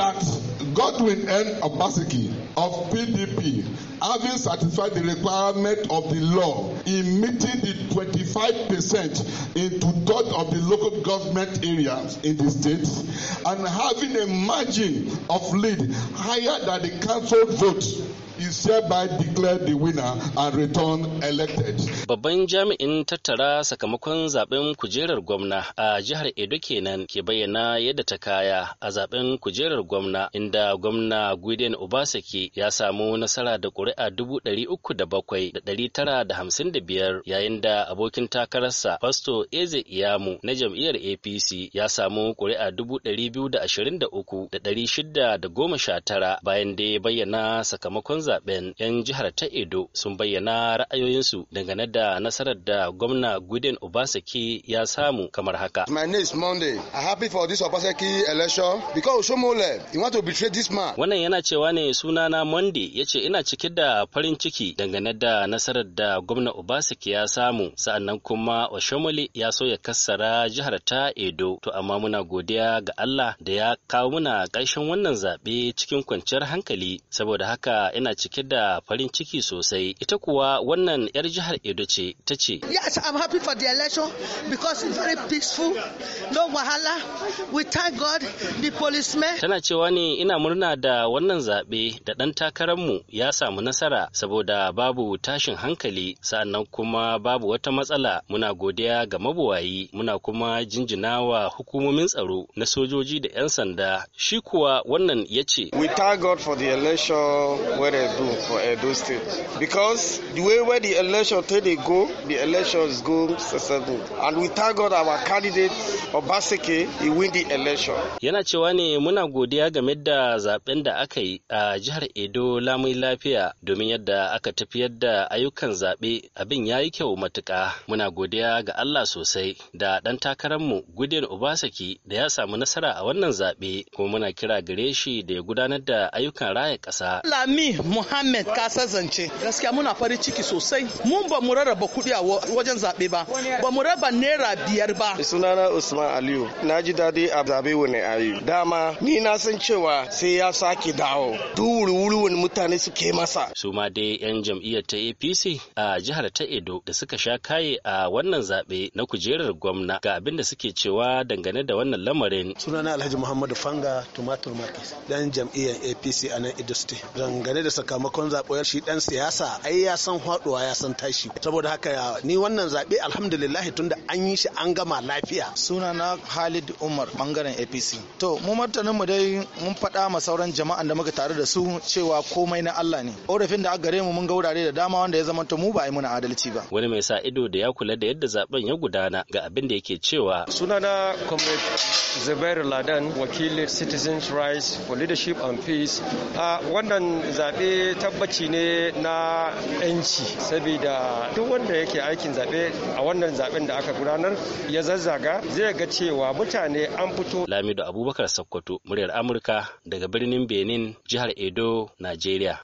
that Godwin N. Obaseki of PDP, having satisfied the requirement of the law in meeting the 25 percent in two-thirds of the local government areas in the state, and having a margin of lead higher than the council vote is hereby declared the winner and returned elected. Babban jami'in tattara sakamakon zaben kujerar gwamna a jihar Edo kenan ke bayyana yadda ta kaya a zaben kujerar gwamna inda gwamna Guden Obaseki ya samu nasara da ƙuri'a dubu ɗari uku da bakwai da ɗari tara da hamsin da biyar yayin da abokin takararsa Fasto Eze Iyamu na jam'iyyar APC ya samu ƙuri'a dubu ɗari biyu da ashirin da uku da ɗari shida da goma sha tara bayan da ya bayyana sakamakon zaben 'yan jihar ta Edo sun bayyana ra'ayoyinsu dangane da nasarar da gwamna Gudin Obaseki ya samu kamar haka. My name is Monday. i happy for this obasaki election because Osomole, he want to betray this man. Wannan yana cewa ne sunana Monday ya ce ina cike da farin ciki dangane da nasarar da gwamna Obaseki ya samu sa'annan kuma Oshomole ya so ya kassara jihar ta Edo. To amma muna godiya ga Allah da ya kawo muna ƙarshen wannan zaɓe cikin kwanciyar hankali saboda haka ina cike da farin ciki sosai ita kuwa wannan 'yar jihar Edo ce ta ce. Yes, I'm happy for the election because it's very peaceful, no wahala. We thank God, the policemen. Tana cewa ne ina murna da wannan zaɓe da ɗan takararmu ya samu nasara saboda babu tashin hankali sannan kuma babu wata matsala muna godiya ga mabuwayi muna kuma jinjinawa hukumomin tsaro na sojoji da 'yan sanda shi kuwa wannan ya ce. We thank God for the election where Edo for Edo State because the way where the election take they go, the elections go successful, and we thank God our candidate Obaseke he win the election. Yana cewa ne muna godiya game da zaben da aka yi a jihar Edo lamun lafiya domin yadda aka tafiyar da ayyukan zaɓe abin ya yi kyau matuka muna godiya ga Allah sosai da ɗan takararmu Gudin Obaseki da ya samu nasara a wannan zaɓe kuma muna kira gare shi da ya gudanar da ayyukan raya ƙasa. Muhammad Kasa Zance. Gaskiya muna farin ciki sosai. Mun ba mu rarraba kuɗi a wajen zaɓe ba. Ba mu raba naira biyar ba. Sunana Usman Aliyu. Na ji daɗi a zaɓe wani ayi. Dama ni na san cewa sai ya sake dawo. Duk wuri wani mutane suke masa. Su ma dai 'yan jam'iyyar ta APC a jihar ta Edo da suka sha kaye a wannan zaɓe na kujerar gwamna ga abin da suke cewa dangane da wannan lamarin. Sunana Alhaji Muhammadu Fanga Tumatur Market. Dan jam'iyyar APC a nan Edo State. Dangane da sakamakon zaɓe shi ɗan siyasa ai ya san haɗuwa ya san tashi saboda haka ni wannan zaɓe alhamdulillah tunda an yi shi an gama lafiya sunana Khalid Umar bangaren APC to mu martanin mu dai mun faɗa ma sauran jama'an da muka tare da su cewa komai na Allah ne orafin da aka gare mu mun ga wurare da dama wanda ya zama to mu ba ai muna adalci ba wani mai sa ido da ya kula da yadda zaben ya gudana ga abin da yake cewa sunana comrade Zubair Ladan wakilin Citizens Rights for Leadership and Peace a wannan zaɓe zaɓe tabbaci ne na 'yanci saboda duk wanda yake aikin zaɓe a wannan zaɓen da aka gudanar ya zazzaga zai ga cewa mutane an fito. Lamido Abubakar Sokoto, muryar Amurka daga birnin Benin, jihar Edo, Najeriya.